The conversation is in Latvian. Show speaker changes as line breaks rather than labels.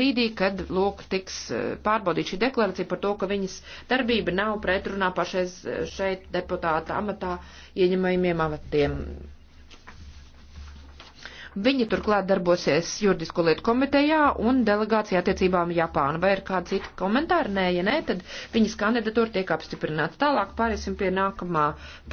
brīdī, kad, lūk, tiks eh, pārbaudīt šī deklarācija par to, ka viņas darbība nav pretrunā pašais šeit deputāta amatā ieņemajumiem avatiem. Viņa turklāt darbosies juridisko lietu komitejā un delegācijā attiecībām Japāna. Vai ir kāda cita komentāra? Nē, ja nē, tad viņas kandidatūra tiek apstiprināta.
Tālāk pāriesim pie nākamā